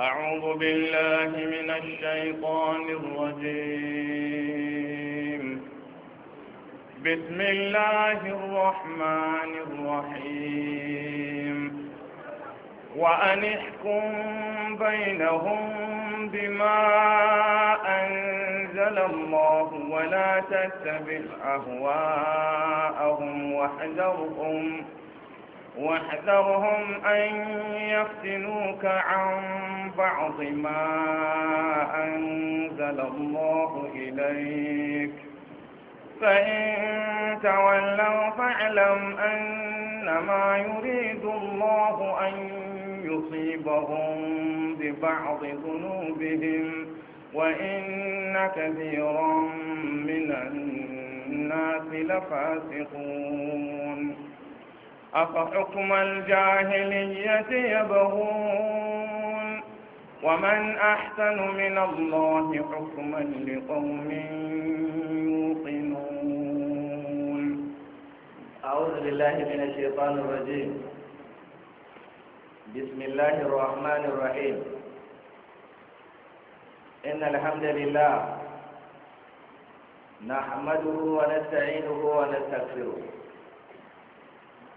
أعوذ بالله من الشيطان الرجيم بسم الله الرحمن الرحيم وأن احكم بينهم بما أنزل الله ولا تتبع أهواءهم واحذرهم واحذرهم أن يفتنوك عن بعض ما أنزل الله إليك فإن تولوا فاعلم أنما يريد الله أن يصيبهم ببعض ذنوبهم وإن كثيرا من الناس لفاسقون أفحكم الجاهلية يبغون ومن أحسن من الله حكما لقوم يوقنون أعوذ بالله من الشيطان الرجيم بسم الله الرحمن الرحيم إن الحمد لله نحمده ونستعينه ونستغفره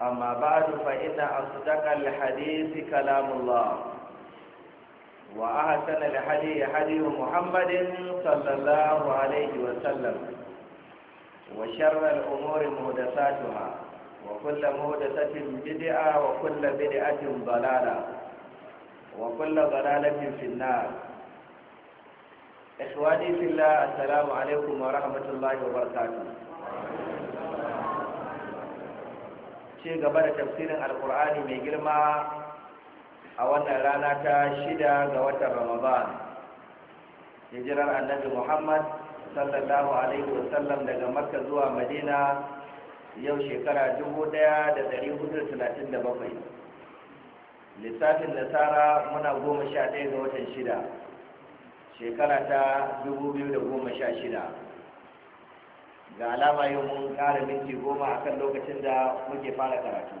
amma ba a dufa ina a su daga alhadisi kalamullah wa a hasana alhadi ya hadi wa muhammadin sallallahu alaihi wa sallam wa sharar umarin mudasa juma wa kulla mudasafin jidi'a wa kulla bidi'atin balala wa kulla balalafin finna ikhwani fillah assalamu alaikum wa rahmatullahi wa barakatuh ce gaba da tafsirin alkur'ani mai girma a wannan rana ta shida ga watan ramadan hijirar annabi muhammad sallallahu alaihi wasallam daga makka zuwa madina yau shekara dubu da dari hudu talatin bakwai. lissafin nasara muna goma sha ɗaya ga watan shida shekara ta dubu biyu da goma sha shida. ga alama yau mun kara minti goma a kan lokacin da muke fara karatu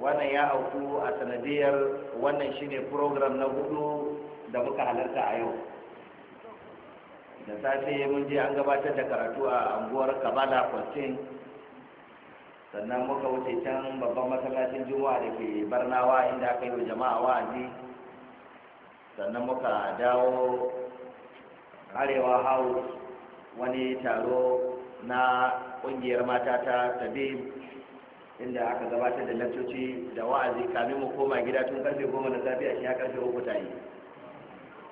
wannan ya auku a sanadiyar wannan shine program na hudu da muka halarta a yau da safe mun je an gabatar da karatu a anguwar kabala 14 sannan muka wuce can babban masallacin juma'a da ke barnawa inda aka yi wa jama'a wa'azi sannan muka dawo arewa house wani taro na ƙungiyar mata ta tabi inda aka gabatar da lantoci da wa'azi kamin mu koma gida tun karfe goma na safiya shi ya karfe uku ta yi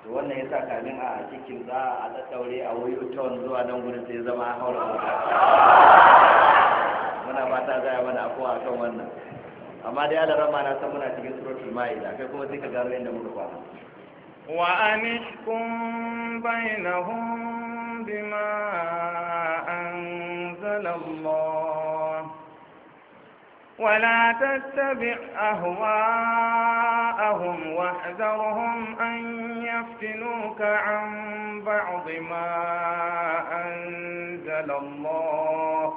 to wannan ya sa kamin a cikin za a tsattaure a wuyo town zuwa nan gudun sai zama haura wuta muna fata za a mana a kan wannan amma dai ala rama na san muna cikin suratul ma'ida kai kuma sai ka gano inda muka kwana wa anishkum bainahum بما أنزل الله ولا تتبع أهواءهم واحذرهم أن يفتنوك عن بعض ما أنزل الله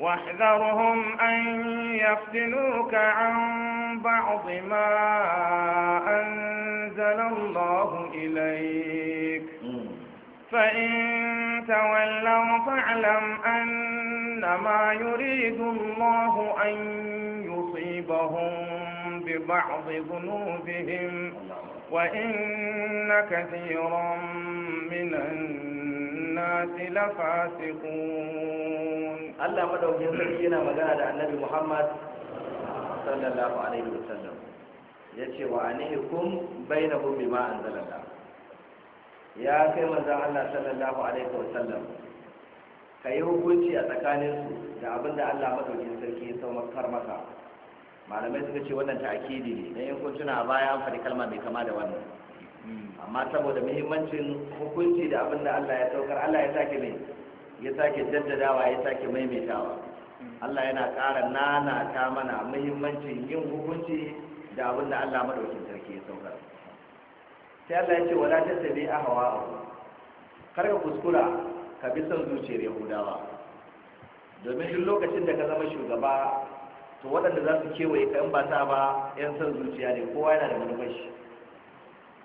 واحذرهم أن يفتنوك عن بعض ما أنزل الله إليك فإن تولوا فاعلم أنما يريد الله أن يصيبهم ببعض ذنوبهم وإن كثيرا من الناس لفاسقون ألا مدعو يسجينا عن النبي محمد صلى الله عليه وسلم يتي وعنيكم بينهم بما أنزل الله ya kai manzan Allah sallallahu alaihi sallam ka yi hukunci a tsakaninsu da abin da Allah madaukin sarki ya kar maka malamai suka ce wannan ta'akidi ne dan yankun tuna a baya an faɗi kalma mai kama da wannan amma saboda muhimmancin hukunci da abin da Allah ya saukar Allah ya sake mai ya sake jaddadawa ya sake maimaitawa Allah yana ƙara nanata mana muhimmancin yin hukunci da abin da Allah madaukin sarki ya saukar sai Allah ya ce wala tattabi ahwa kar ka kuskura ka bi son zuciyar yahudawa domin duk lokacin da ka zama shugaba to waɗanda za su kewaye ka in ba ta ba yan son zuciya ne kowa yana da manufar shi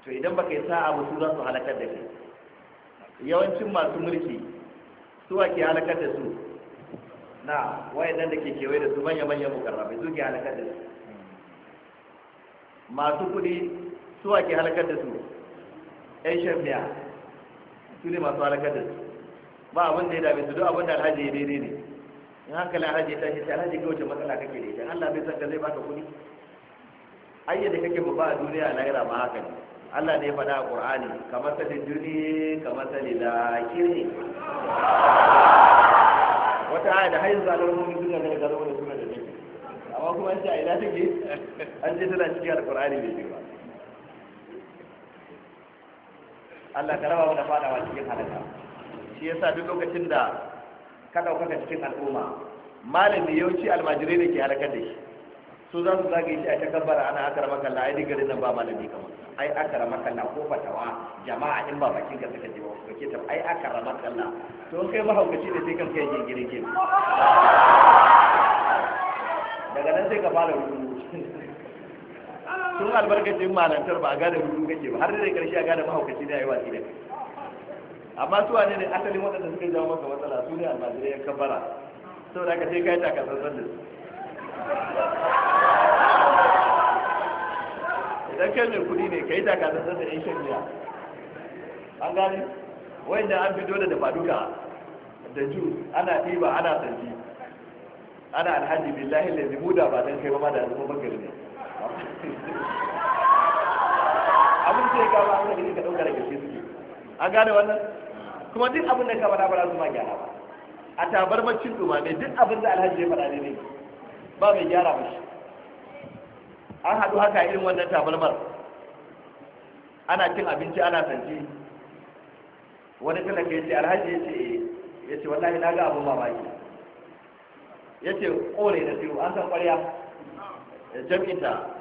to idan baka yi sa'a ba su za su halakar da kai yawancin masu mulki su ake halakar da su na wayannan da ke kewaye da su manya-manyan mukarrabai su ke halakar da su masu kuɗi su ake halakar da su yan shan miya su ne masu halakar da su ba abin da ya dame su duk abin da alhaji ya daidai ne in na alhaji ya tashi sai alhaji ga wace matsala kake da ita Allah bai san ka zai baka kuɗi da kake babba a duniya na yara ma haka ne Allah ne faɗa a Qur'ani kamar ta juni kamar ta kirni wata aya da hayin zalimin da daga zalar mun da suna da take amma kuma an ce a ina take an ce tana cikin alƙur'ani ne ba Allah ka raba mu da fadawa cikin halaka shi yasa duk lokacin da ka ka cikin al'umma malami yawanci almajirai ne ke halakar da shi su za su zage shi a ta kabbara ana akara makalla ai diga nan ba malami kamar ai akara makalla ko fatawa jama'a in ba bakin ka suka je ba ba ke ai akara makalla to kai mahaukaci ne sai kan kai gingiri ke daga nan sai ka fara rubutu tun albarkacin malantar ba a gane hudu kake ba har da karshe a gane mahaukaci da yayi watsi da kai amma su wane ne asalin waɗanda suka jawo maka matsala su ne almajirai yan kabbara saboda haka sai kai taka sansan da su idan kai mai kuɗi ne kai taka sansan da yan shan biya an gane wanda an fi dole da faduka da ju ana ɗiba ana sanji ana alhaji billahi lazi da ba don kai ba ma da zama bangare ne abin sai ka ba ka ka dauka daga shi suke an gane wannan kuma duk abin da ka faɗa ba za su ma gyara ba a tabar baccin dumame duk abin da alhaji ya faɗa ne ne ba mai gyara ba shi an haɗu haka irin wannan tabarmar ana cin abinci ana sanci. wani talaka ya ce alhaji ya ce eh, ya ce wallahi na ga abin mamaki ya ce kore da siyo an san ƙwarya jam'inta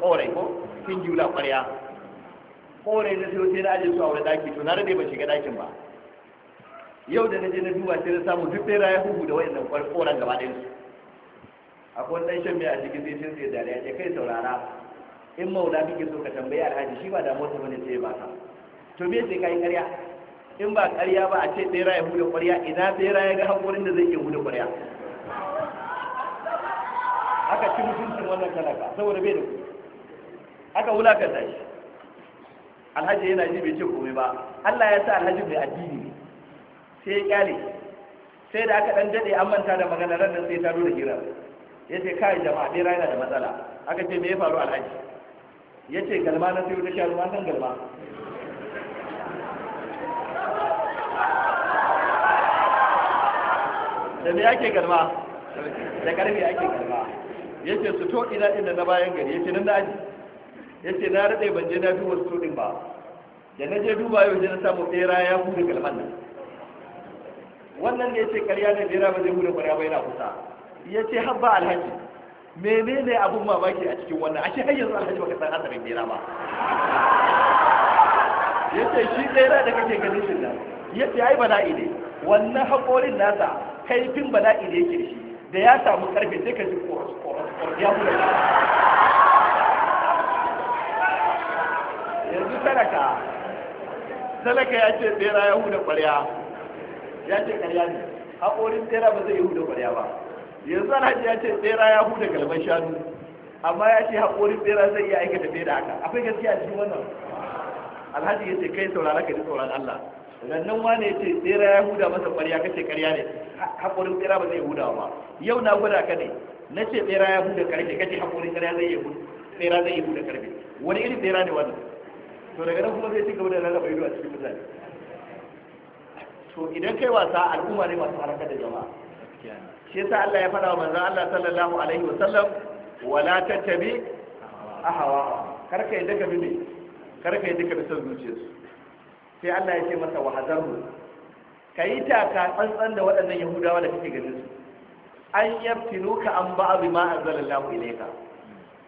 kore ko kin jula kwarya kore na sai sai na aje su a wani daki to na rade ba shiga dakin ba yau da naje na duba sai na samu duk bera ya huhu da wayannan koran gaba ɗayan su akwai dan shan mai a cikin sai sai da dariya ya kai saurara in maula kike so ka tambayi alhaji shi ba da mota bane sai ba ka to me sai kai ƙarya in ba ƙarya ba a ce bera ya huda ƙwarya ina sai ya ga hakurin da zai iya huda ƙwarya aka ci mutuncin wannan talaka saboda bai da kuɗi aka wulakanta shi alhaji yana ji bai ce komai ba Allah ya sa alhaji mai addini ne sai ya kyale sai da aka dan dade an manta da magana ran nan sai ta da hira yace kai jama'a dai rana da matsala aka ce me ya faru alhaji yace galma na sai wuta sharu san galma da me ake galma da karfi ake galma yace su to ina inda na bayan gari yace nan da aji ya ce na rade ban je na fi wasu din ba da na je duba yau na samu bera ya hudu galman nan wannan ne ya ce karya ne bera ba zai hudu kwarya ba yana kusa ya ce habba alhaji menene abun mamaki a cikin wannan ake hanyar zuwa alhaji baka san hasarin bera ba ya ce shi bera da kake ganin shi nan ya ce ai bala'i ne wannan haƙorin nasa kaifin bala'i ne ya shi da ya samu ƙarfe sai ka ji koros koros koros ya hudu yanzu sadaka, sadaka ya ce tsera ya huda kwarya ya ce karya ne haƙorin tsera ba zai yi huda kwarya ba yanzu alhaji ya ce tsera ya huda galibar shanu amma ya ce haƙorin tsera zai iya aikata fiye da haka akwai gaskiya cikin wannan alhaji ya ce kai saurara ka ji sauran allah rannan wane ya ce tsera ya huda masa ka ce karya ne haƙorin tsera ba zai huda ba yau na gwada ka ne na ce tsera ya huda ka ce haƙorin tsera zai iya huda tsera zai iya huda ƙarfe wani irin tsera ne wannan to daga nan kuma zai ci gaba da lalaba ido a cikin mutane to idan kai wasa al'umma ne masu haraka da jama'a shi yasa Allah ya fada wa manzon Allah sallallahu alaihi wa sallam wala tattabi ahawa kar ka daga ka bi ne kar ka daga ka bi son zuciyarsu sai Allah ya ce masa wa hazaru ka yi taka tsantsan da waɗannan yahudawa da kake ganin su an yaftinu ka an ba'a bi ma ilayka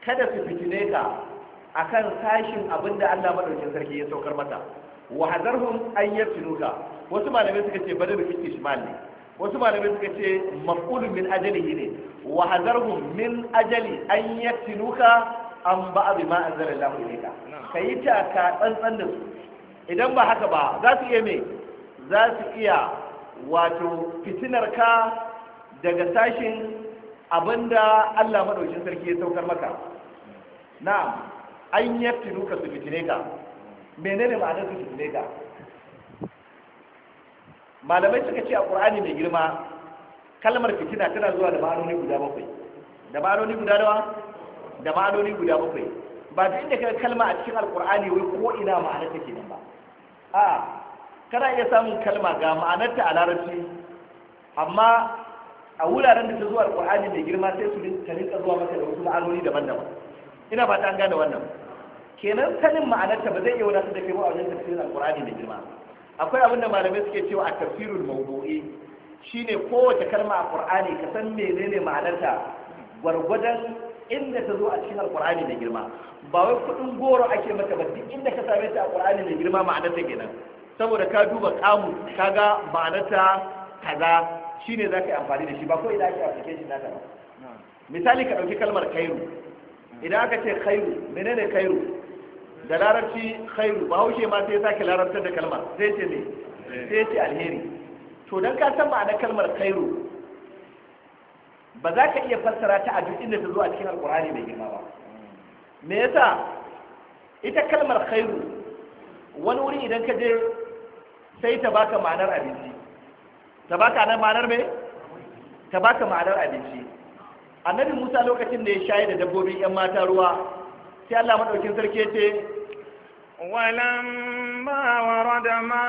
kada su fitine ka akan sashin abinda Allah madaukakin sarki ya saukar mata wa hadarhum an yaftinuka wasu malamai suka ce badal fi ishmal ne wasu malamai suka ce maf'ul min ajalihi ne wa hadarhum min ajali an yaftinuka an ba'd ma anzala Allah ilayka kai ta ka tsantsan da su idan ba haka ba za su iya me za su iya wato fitinar ka daga sashin abinda Allah madaukakin sarki ya saukar maka na'am an yaftinu ka su fitine ka menene ma'anar su fitine ka malamai suka ce a ƙur'ani mai girma kalmar fitina tana zuwa da ma'anoni guda bakwai da ma'anoni guda dawa, da ma'anoni guda bakwai ba duk inda kaga kalma a cikin alƙur'ani wai ko ina ma'anar ta nan ba a kana iya samun kalma ga ma'anarta a larabci amma a wuraren da ta zuwa alƙur'ani mai girma sai su ta rinka zuwa mata da wasu ma'anoni daban-daban ina ba ta an gane wannan kenan sanin ma'anarta ba zai iya wadatar da kai ba a wajen tafsirin alqur'ani da girma akwai abin da malamai suke cewa a tafsirul mawdu'i shine kowace kalma a qur'ani ka san menene ma'anarta gwargwadon inda ta zo a cikin alkurani da girma ba wai kudin goro ake mata ba duk inda ka same ta a qur'ani da girma ma'anarta kenan saboda ka duba kamu kaga ma'anarta kaza shine zaka yi amfani da shi ba ko idan ake application naka ba misali ka dauki kalmar kairu, idan aka ce khairu menene khairu da larabci khairu ba haushe ma sai ya sake larabtar da kalmar sai ce ne sai ce alheri to dan ka san ma'anar kalmar khairu ba za ka iya fassara ta a duk inda ta zo a cikin alkurani mai girma ba me yasa ita kalmar khairu wani wuri idan ka je sai ta baka ma'anar abinci ta baka nan ma'anar me ta baka ma'anar abinci annabi musa lokacin da ya shayar da dabbobin yan mata ruwa sai Allah maɗaukin sarki ya ce walam ba wa rada ma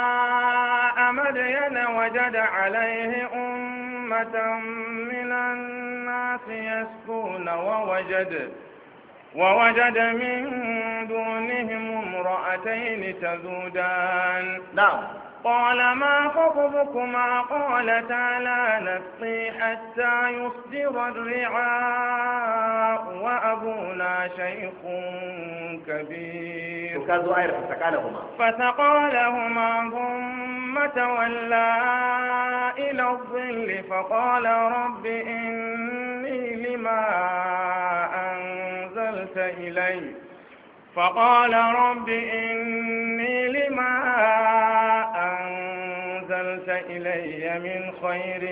a yana waje da alaihe ummatan milan na ya su na wawaje da wa waje da min dunihin mura'atai ne ta zo da قال ما خطبكما قالتا لا نسقي حتى يصدر الرعاء وأبونا شيخ كبير لهما ثم تولى إلى الظل فقال رب إني لما أنزلت إليّ فقال رب إني لما أنزلت إلي من خير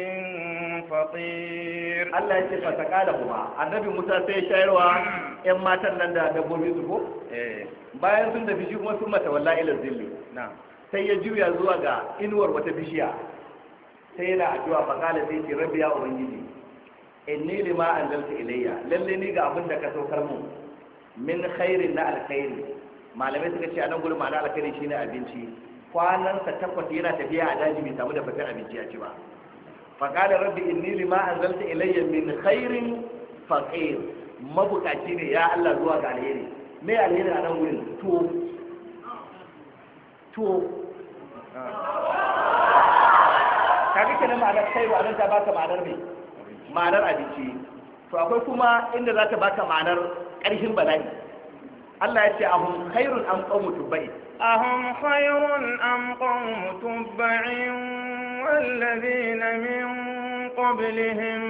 فقير الله يسير فتقالهما النبي موسى سيشيروا إن ما تنن دبوبي زبو bayan sun tafi shi kuma sun mata walla ila sai ya juya zuwa ga inuwar wata bishiya sai yana addu'a faqala sai ce rabbi ya ubangiji inni lima anzalta ilayya Lallai ni ga abin da ka saukar mu min khairin na alkhairi malamai suka ce a nan gurin ma'ana alkhairi shine abinci kwanansa takwas yana tafiya a daji bai samu da fatar abinci ya ci ba faƙalar rabbi inni lima anzalta ilayya min khairin faqir mabukaci ne ya Allah zuwa ga alheri me alheri a nan wurin to to kaga kenan ma'anar kai ba ta baka ma'anar me ma'anar abinci to akwai kuma inda za ta baka ma'anar ƙarfin bala'i Allah ya ce a hun khairun an qawmu tubba'i a hun khairun an ƙon mutum qawmu tubba'in na min qablihim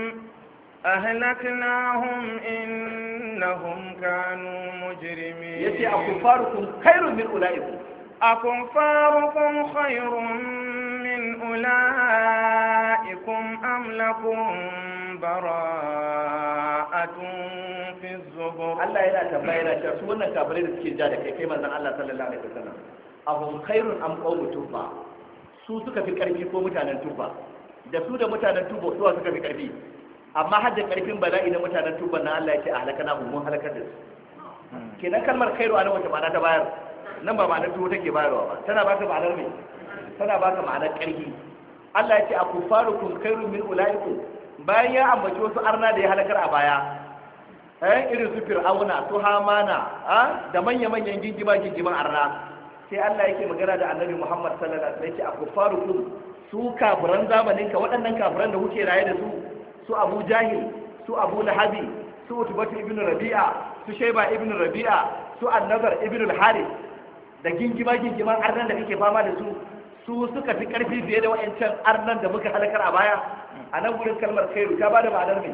ahlaknahum innahum kanu ya ce a kun khairun min ulaikum a kun khairun min ulaikum ربكم أم لكم براءة في الزبر الله إلا تبايرا شاسونا كابرين سكين جادك كيما زن الله صلى الله عليه وسلم أهم خير أم قوم تبا سوسك في الكريم كوم تانا تبا da su da mutanen tuba suwa suka fi karfi amma har da karfin bala'i da mutanen tuba na Allah yake ahlaka na mun halakar da su kenan kalmar khairu a nan wata ma'ana ta bayar nan ba ma'anar tuba take bayarwa ba tana baka ma'anar me tana baka ma'anar karfi Allah ya ce a kun khairu min ula'iku bayan ya ambaci wasu arna da ya halakar a baya eh irin su fir'auna su hamana ah, da manya-manyan gingima gingima arna sai Allah yake magana da annabi Muhammad sallallahu alaihi wasallam yake a kun su kafiran zamanin ka waɗannan kafiran da kuke raye da su su Abu Jahil su Abu Lahabi su Utbah ibn Rabi'a su Shayba ibn Rabi'a su An-Nazar ibn Al-Harith da gingima gingiman arnan da kike fama da su su suka fi ƙarfi fiye da wa'ancan arnan da muka halakar a baya a nan wurin kalmar kairu ta bada ma'anar mai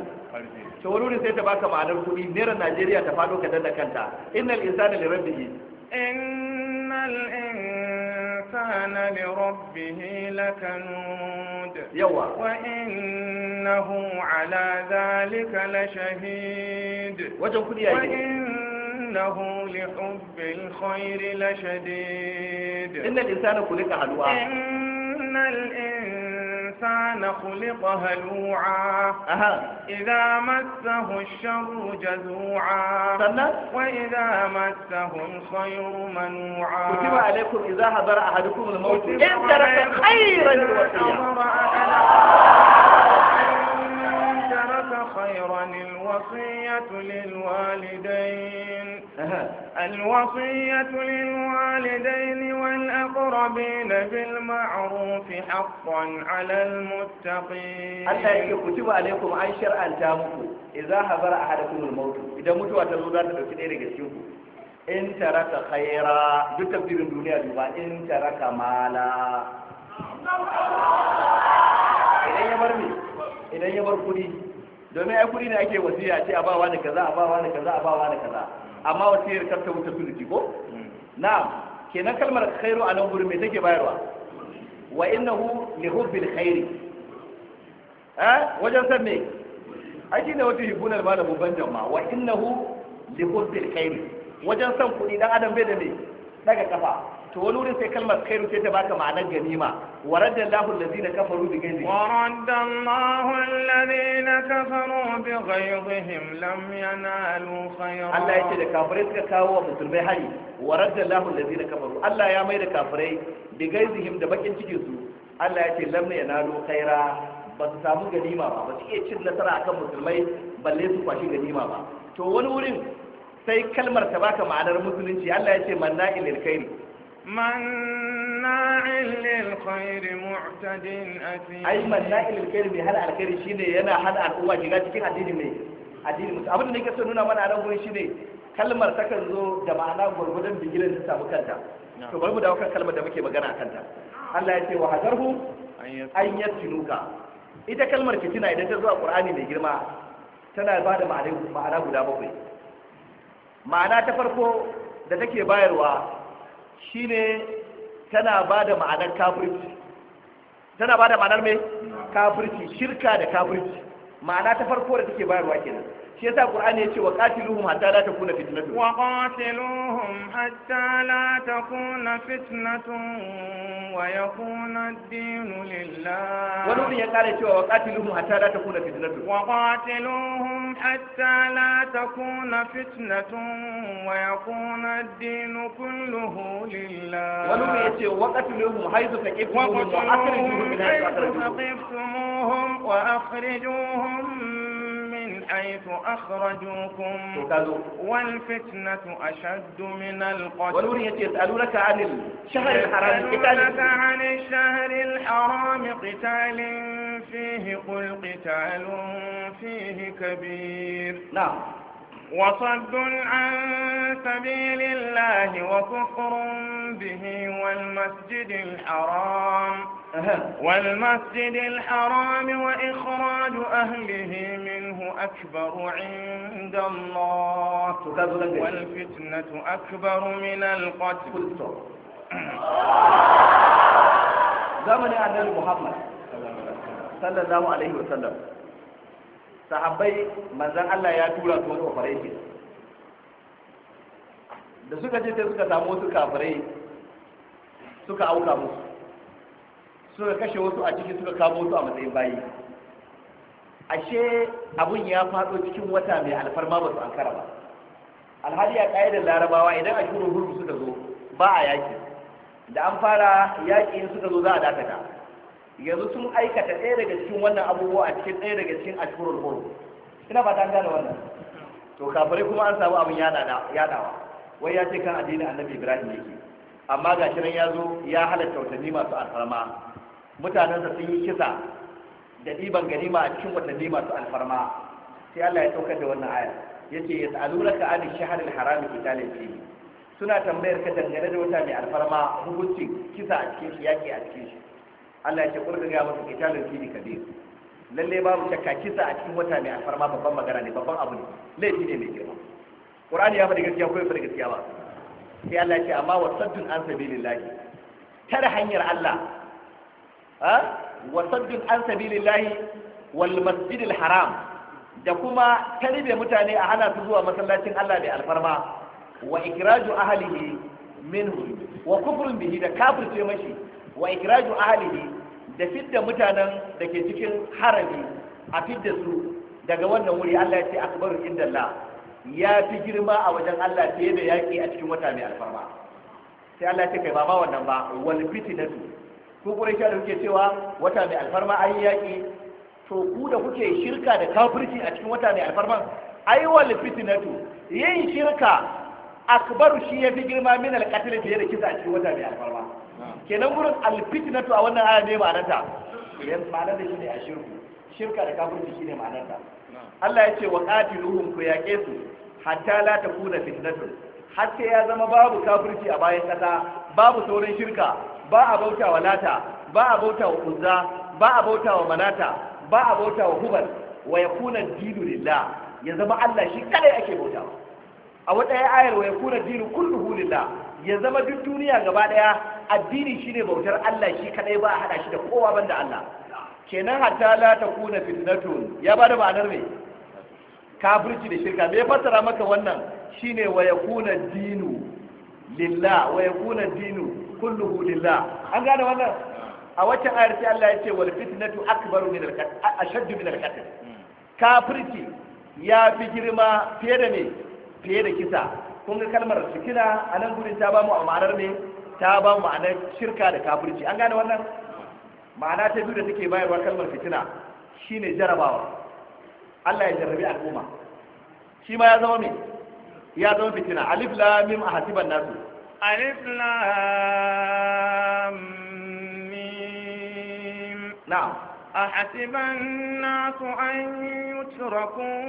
to sai ta baka ma'anar kuɗi naira najeriya ta fado ka danna kanta innal insana li rabbihi innal insana li rabbihi lakanud yawa wa innahu ala dhalika lashahid wajen kuɗi yayi إنه لحب الخير لشديد إن الإنسان خلق هلوعا إن الإنسان خلق هلوعا أها. إذا مسه الشر جزوعا سنة. وإذا مسه الخير منوعا كتب عليكم إذا حضر أحدكم الموت إن ترك خيرا وصيا خيرا الوصية للوالدين الوصية للوالدين والأقربين بالمعروف حقا على المتقين الله يكتب عليكم أن شرعا تامكم إذا حضر أحدكم الموت إذا متوا تزودان تدوكين إيري جسيوكم in taraka khaira duk tafsirin duniya duba in taraka mala idan ya bar me idan ya bar kudi domin ai kuɗi ne ake wasiya ce a bawa da kaza a bawa da kaza a bawa da kaza amma wasiyar kar ta wuce suluki ko na'am kenan kalmar khairu a nan gurin me take bayarwa wa innahu li hubbil khairi eh wajen san me aji ne wata hibunar ba da babban jama'a wa innahu li hubbil khairi wajen san kuɗi dan adam bai da me daga kafa to wani wurin sai kalmar khairu sai ta baka ma'anar ganima ورد الله الذين كفروا بغيظهم ورد الله الذين كفروا بغيظهم لم ينالوا خيرا الله يتي كافري suka kawo wa musulmai hari ورد الله الذين كفروا Allah ya mai da kafirai بغيظهم da bakin cikin su Allah yace lam yanalu khaira ba su samu ganima ba ba su iya cin nasara akan musulmai balle su kwashi ganima ba to wani wurin sai kalmar ta baka ma'anar musulunci Allah yace manna ilal khairi مناع للخير معتد أثيم أي مناع للخير shine yana الخير شيء ينا cikin addini mai addini musu abin da nake so nuna mana من أنا بقول شيء kalmar takan zo da ma'ana gwargwadon bigilan ta samu kanta to bari mu dawo kan kalmar da muke magana kanta Allah ya ce wa hadarhu an yatinuka ita kalmar fitina idan ta zo a Qur'ani mai girma tana ba da ma'ana guda bakwai ma'ana ta farko da take bayarwa shine tana ba da ma'anar kafirci tana ba da ma'anar mai kafirci shirka da kafirci ma'ana ta farko da take bayarwa kenan shi yasa qur'ani yace wa qatiluhum hatta la takuna fitnatun wa qatiluhum hatta la takuna fitnatun wa yakuna ad-din lillah wani wurin ya kare cewa wa qatiluhum hatta la takuna fitnatun wa qatiluhum hatta la takuna fitnatun wa yakuna ad-din kulluhu lillah wani wurin yace wa qatiluhum haythu taqifuhum wa akhrijuhum min haythu akhrijuhum wa akhrijuhum حيث أخرجوكم والفتنة أشد من القتل ولوري يسألونك عن الشهر الحرام قتال عن الشهر الحرام قتال فيه قل قتال فيه كبير نعم وصد عن سبيل الله وكفر به والمسجد الحرام والمسجد الحرام وإخراج أهله منه أكبر عند الله والفتنة أكبر من القتل زمن النبي محمد صلى الله عليه وسلم صحابي manzan Allah ya tura su wani operation da suka je sai suka samu wasu kafirai suka auka musu suka kashe wasu a ciki suka kamo wasu a matsayin bayi ashe abun ya faɗo cikin wata mai alfarma ba su an kara ba alhali a ƙa'idar larabawa idan a shirin hurru suka zo ba a yaƙi da an fara yaƙi in suka zo za a dakata yanzu sun aikata ɗaya daga cikin wannan abubuwa a cikin ɗaya daga cikin ashirin hurru ina fata an gane wannan to kafirai kuma an samu abin yaɗawa wai ya ce kan addinin annabi ibrahim yake amma ga shi nan ya zo ya halatta watanni masu alfarma mutanensa sun yi kisa da ɗiban ganima a cikin watanni masu alfarma sai Allah ya saukar da wannan aya yace ka 'anil shahril haram talin fili suna tambayar ka dangane da wata mai alfarma hukunci kisa a cikin shi yaƙi a cikin shi Allah ya ce ƙurga ga masa fili ka biyu lalle babu shakka kisa a cikin wata mai alfarma babban magana ne babban abu ne laifi ne mai girma Ƙur'ani ya faɗi gaskiya ko ya faɗi gaskiya ba sai Allah ya ce amma wasaddun an sabilillahi tare hanyar Allah wa sabbin an sabilillahi wal masjidil haram da kuma talibe mutane a hana su zuwa masallacin Allah da alfarma wa ikraju ahlihi minhu wa kufrun bihi da kafirce mashi wa ikraju ahlihi da fidda mutanen da ke cikin harami a fidda su daga wannan wuri Allah ya ce akbaru indallah ya fi girma a wajen Allah fiye da yaƙi a cikin wata mai alfarma sai Allah ya ce kai ba ma wannan ba wal fitnatu kuma shi da kuke cewa wata mai alfarma yi yaƙi, to ku da kuke shirka da kafirci a cikin wata mai alfarma ai wal fitnatu yin shirka akbaru shi fi girma min al qatl fiye da kisa a cikin wata mai alfarma kenan gurin al fitnatu a wannan aya ne ma'anarta yan ma'anar da shi ne a shirku shirka da kafirci shine ma'anarta Allah ya ce wa qatiluhum ku yaqe su hatta la takuna fitnatun har sai ya zama babu kafirci a bayan kasa babu sauran shirka ba a bauta wa lata ba a bauta wa uzza ba a bauta wa manata ba a bauta wa hubal wa yakuna dinu lillah ya zama Allah shi kadai ake bautawa a wata ayar wa yakuna dinu kulluhu lillah ya zama duk duniya gaba daya addini shine bautar Allah shi kadai ba a hada shi da kowa banda Allah kenan hatta la takuna fitnatun ya bada ma'anar me kafirci da shirka me fassara maka wannan shine wa yakuna dinu lillah wa yakuna dinu kulluhu lillah an gane wannan a wacce ayar sai Allah ya ce wal fitnatu akbaru min al-qatl ashaddu min al-qatl kafirci ya fi girma fiye da me fiye da kisa kun ga kalmar fitina a nan gurin ta ba mu a ma'anar ne ta ba mu ma'anar shirka da kafirci an gane wannan ma'ana ta biyu da take bayarwa kalmar fitina shine jarabawa Allah ya jarrabi al'umma shi ma ya zama me ya zama fitina alif lam mim ahasiban nasu ألف لام ميم نعم أحسب الناس أن يتركوا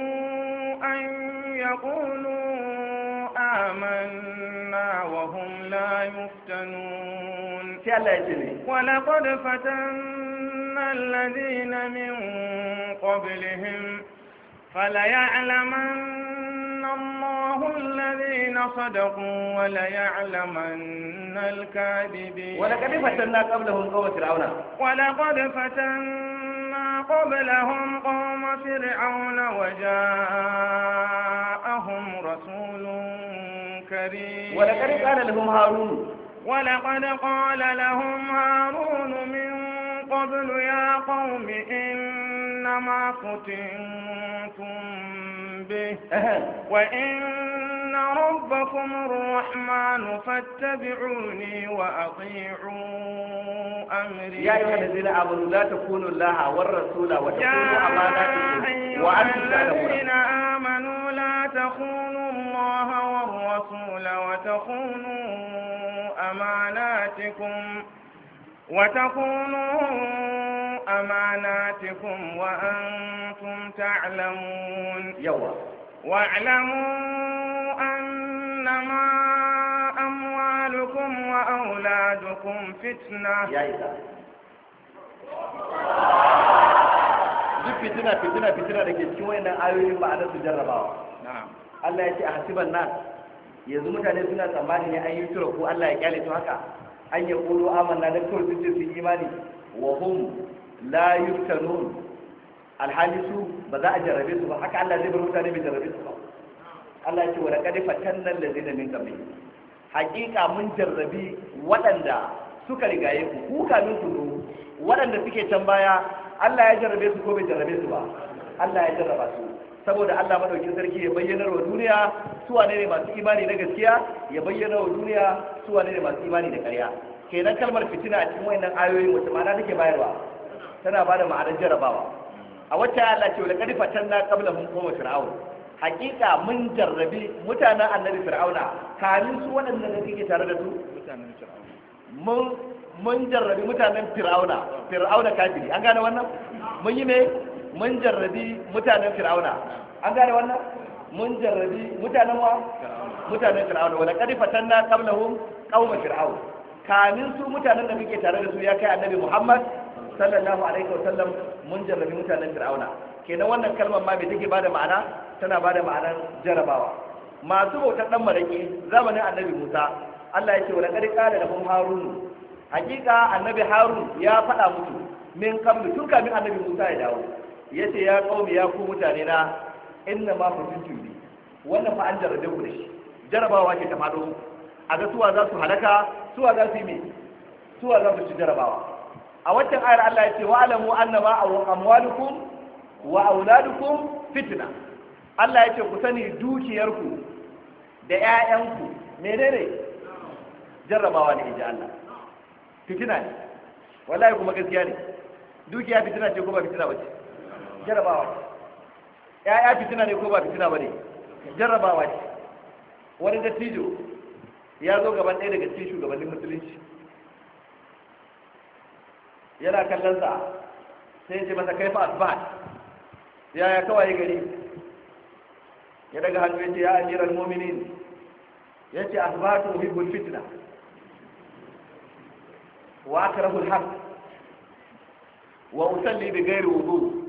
أن يقولوا آمنا وهم لا يفتنون ولقد فتنا الذين من قبلهم فليعلمن الله الذين صدقوا وليعلمن الكاذبين ولقد فتنا قبلهم قوم فرعون ولقد فتنا قبلهم قوم فرعون وجاءهم رسول كريم ولقد قال لهم هارون ولقد قال لهم هارون من قبل يا قوم إنما فتنتم به وإن ربكم الرحمن فاتبعوني وأطيعوا أمري يا أيها الذين آمنوا لا تكونوا الله والرسول وتكونوا أماناتكم وأنتم الذين آمنوا لا تخونوا الله والرسول وتخونوا أماناتكم وتخونوا أماناتكم وأنتم تعلمون يوا واعلموا أنما أموالكم وأولادكم فتنة يا إله duk fitina fitina fitina da ke cikin ɗan ayoyin ba su jarrabawa Allah ya ce a hasiban nan yanzu mutane suna tsammani ne an yi tura ko Allah ya kyale su haka an yi kuro amanna da kawai sun ce sun imani wa hum la yuftanun alhali su ba za a jarrabe su ba haka Allah zai bar mutane bai jarrabe su ba Allah ya ce wa laqad fatanna allazina min qabli haqiqa mun jarrabi waɗanda suka rigaye ku ku kamin ku zo waɗanda suke can baya Allah ya jarrabe su ko bai jarrabe su ba Allah ya jarraba su saboda Allah madaukin sarki ya bayyana wa duniya su wane ne masu imani na gaskiya ya bayyana wa duniya su wane ne masu imani da ƙarya kenan kalmar fitina a cikin wayannan ayoyin wata ma'ana take bayarwa tana bada ma'anar jarabawa a wacce Allah ce wani na kabla mun koma fir'aun hakika mun jarrabi mutanen annabi fir'auna kamin su waɗannan da kike tare da su mun mun jarrabi mutanen fir'auna fir'auna kafiri an gane wannan mun yi ne mun jarrabi mutanen fir'auna an gane wannan mun jarrabi mutanen wa mutanen fir'auna wala qad fatanna qablahum qauma fir'aun kamin su mutanen da muke tare da su ya kai annabi Muhammad sallallahu alaihi sallam mun jarrabi mutanen fir'auna kenan wannan kalmar ma bai take bada ma'ana tana bada ma'anar jarabawa masu bautar dan maraki zamanin annabi Musa Allah ya ce wa kada da lahum harun hakika annabi harun ya faɗa musu min kamdu tun kafin annabi Musa ya dawo yace ya qaumi ya ku mutane na inna ma fatintu bi wannan fa an jarrabe ku da shi jarabawa ke ta faɗo a ga suwa za su halaka suwa za su yi me suwa za su ci jarabawa a wancan ayar Allah ya ce wa alamu annama amwalukum wa auladukum fitna Allah ya ce ku sani dukiyarku da ƴaƴanku menene jarrabawa ne ji Allah fitina ne wallahi kuma gaskiya ne dukiya fitina ce ko ba fitina ba ce jarrabawa ƴaƴa fitina ne ko ba fitina ba ne jarrabawa ce wani dattijo ya zo gaban ɗaya daga cikin shugabannin musulunci yana kallon sa sai ce masa fa asbat ya kawai gari ya daga hannu yace ya amiral mu'minin yace asbatu hibbul fitna wa akrahul al-haqq wa usalli bi ghairi wudu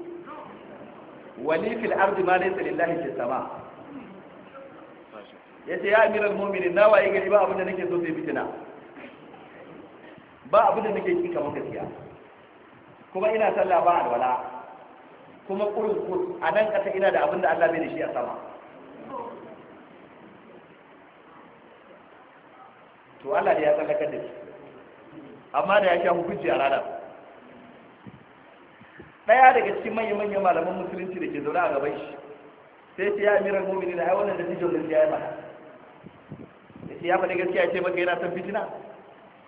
wa li fil ardi ma laysa lillahi fi sama yace ya amiral mu'minin na waye gari ba abinda nake so sai fitina ba abinda nake kin kamar gaskiya kuma ina sallah ba alwala kuma kurin kur a nan kasa ina da abin da Allah bai da shi a sama to Allah da ya tsallaka da shi amma da ya sha hukunci a ranar daya daga cikin manya-manyan malaman musulunci da ke zaune a gaban shi sai ce ya amiran mumini na aiwanan da tijon da ya yi mana ya ce ya faɗi gaskiya ce maka yana son fitina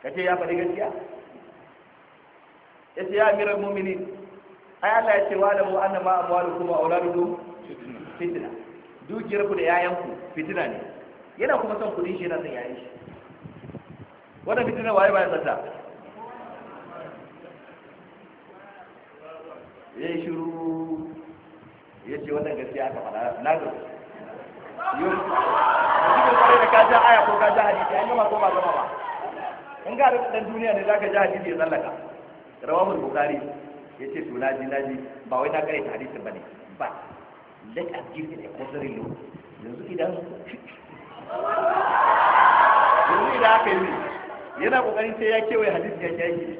ka ce ya faɗi gaskiya ya ce ya amiran muminin ai Allah ya ce wa da mu anna ma amwalukum wa auladukum fitna dukiyar ku da yayan ku fitina ne yana kuma son kudin shi yana son yayan shi wannan fitina waye bayan zata ya yi shiru ya ce wannan gaskiya aka faɗa na gaskiya yau mutum ya da ka ja aya ko ka ja hadisi an ma ko ba zama ba in ga dan duniya ne za ka ja hadisi ya tsallaka bukari ya ce to naji naji ba wai na kare ta ba ne, ba let us give it a contrary look yanzu idan yanzu idan aka yi yana kokarin sai ya kewaye hadisi ya kyaki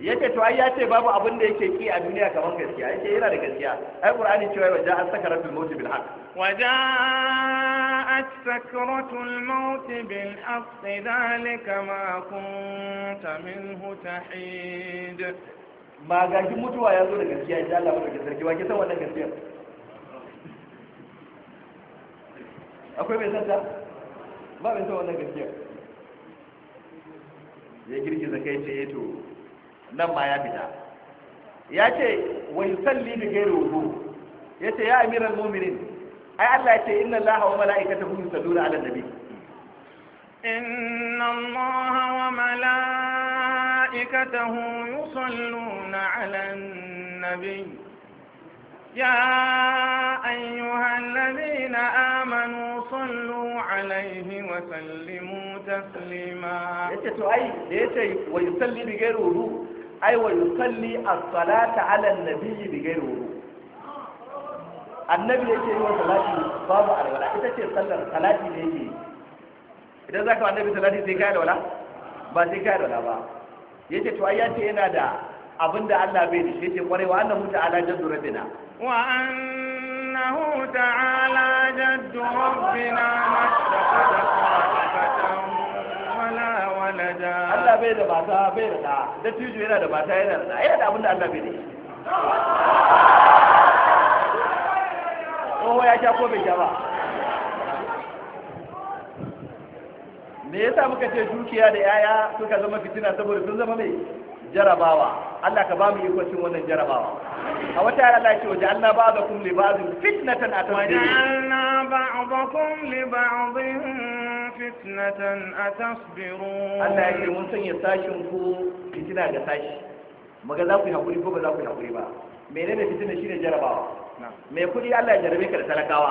Yake to ai ya ce babu abin da yake ki a duniya kamar gaskiya yake yana da gaskiya ai qur'ani cewa wa ja'a sakaratul maut bil haqq wa ja'at sakaratul maut bil haqq dhalika ma kunta minhu tahid magagin mutuwa ya zo da gaskiya insha Allah wanda sarki wa ke san wannan gaskiya akwai mai santa ba mai san wannan gaskiya ya girgiza kai ce eh to nan ma ya fita ya ce wa yusalli bi ghairi wudu ya ce ya amiral mu'minin ai Allah ya ce inna Allaha wa mala'ikatahu yusalluna 'alan nabi inna Allaha wa mala'ikatahu yusalluna 'alan nabi يا أيها الذين آمنوا صلوا عليه وسلموا تسليما yace to ai da yace wa yusalli bi ghairi wudu ai wa yusalli as-salata ala an-nabi bi ghairi wudu annabi yake yi wa salati babu alwala ita ce sallar salati ne yake idan zaka annabi salati sai kai alwala ba sai kai alwala ba ce to ai yace yana da abinda Allah bai da shi yace kwarewa annahu ta'ala jaddu rabbina wa annahu ta'ala jaddu rabbina ma ta'ala ولدا الله بيد باتا بيد دا da تيجو yana da mata yana da yana da abinda Allah bai da shi kowa ya sha ko bai sha ba me yasa muka ce dukiya da yaya suka zama fitina saboda sun zama mai jarabawa Allah ka ba mu ikon cin wannan jarabawa a wata yara Allah ce waje Allah ba da kum li ba'dhin fitnatan atawajjalna ba'dakum li ba'dhin fitnatan atasbirun Allah ya mun san ya sashin ku fitina ga sashi maga za ku yi hakuri ko ba za ku yi hakuri ba menene fitina shine jarabawa mai kudi Allah ya jarabe ka da talakawa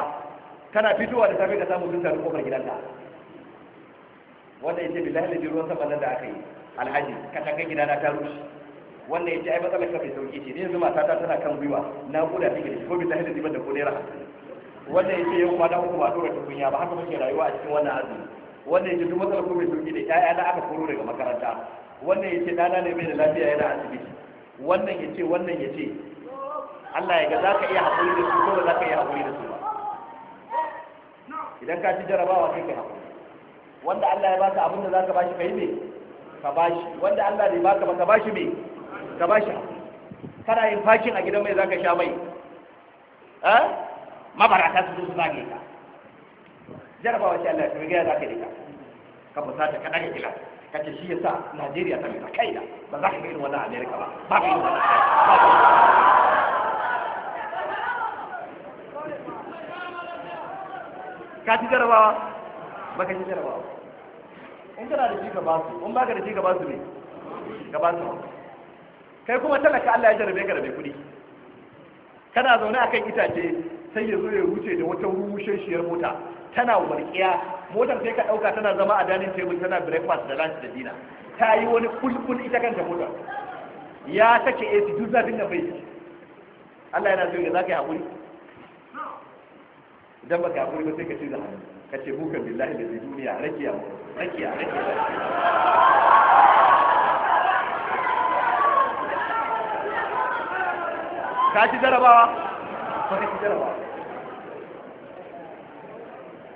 kana fitowa da safe ka samu duka ko kofar gidanka wanda yake billahi da ruwan sama da aka yi alhaji ka taka gidana ta rushe wanda yace ai matsalar ka bai sauki ce ne yanzu ta tana kan gwiwa na goda take ko ko billahi da diban da ko naira wanda yake yau kwana uku ba dora tukunya ba haka muke rayuwa a cikin wannan azumi wanda yake duk matsalar ko mai sauki da 'ya'ya da aka koro daga makaranta wannan yake dana ne mai da lafiya yana asibiti wannan yace wannan yace Allah ya ga za ka iya haƙuri da su ko ba za ka iya haƙuri da su ba idan ka ci jarabawa sai ka hakuri wanda Allah ya baka abin da za ka bashi kai ne ka bashi wanda Allah bai baka ba ka bashi me ka bashi kana yin fakin a gidan mai za ka sha mai eh mabarata su zo su zage ka jarabawa ce Allah ya tafi gaya za ka rika ka fusa ta kaɗa ga kila ka ce shi yasa Najeriya ta rika kai da ba za ka ga irin wannan Amerika ba ba ka yi wannan ka ci jarabawa ba ka ci jarabawa in kana da shi ka ba su in ka da shi ka ba su ne ka ba su kai kuma talaka Allah ya jarabe ka da bai kuɗi kana zaune akan itace sai ya zo ya wuce da wata shiyar mota tana warkiya motar sai ka ɗauka tana zama a dining table tana breakfast da lunch da dina ta yi wani kulkul ita kanta motar ya take AC duk zafin da bai Allah yana so za ka yi hakuri. idan baka hakuri ba sai ka ci da hannu ka ce buka billahi da duniya rakiya rakiya rakiya ka ci jarabawa ba ka ci jarabawa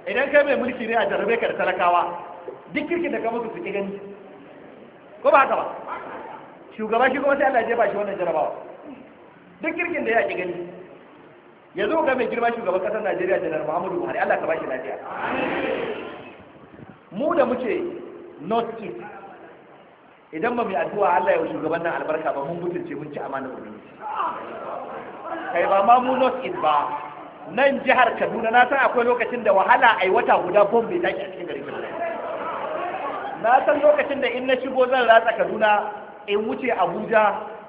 idan kai mai mulki ne a jarrabe ka da talakawa duk kirkin da ka musu su ki gani ko ba haka ba shugaba shi kuma sai Allah ya jefa shi wannan jarabawa duk kirkin da ya ki gani yanzu ga mai girma shugaban kasar Najeriya Janar Muhammadu Buhari Allah ka bashi lafiya mu da muke north east idan ba mu yi addu'a Allah ya shugaban nan albarka ba mun mutunce mun ci amana ubangiji kai ba ma mu north east ba nan jihar kaduna na san akwai lokacin da wahala a yi wata guda bom bai tashi a cikin garin kaduna na san lokacin da in na shigo zan ratsa kaduna in wuce abuja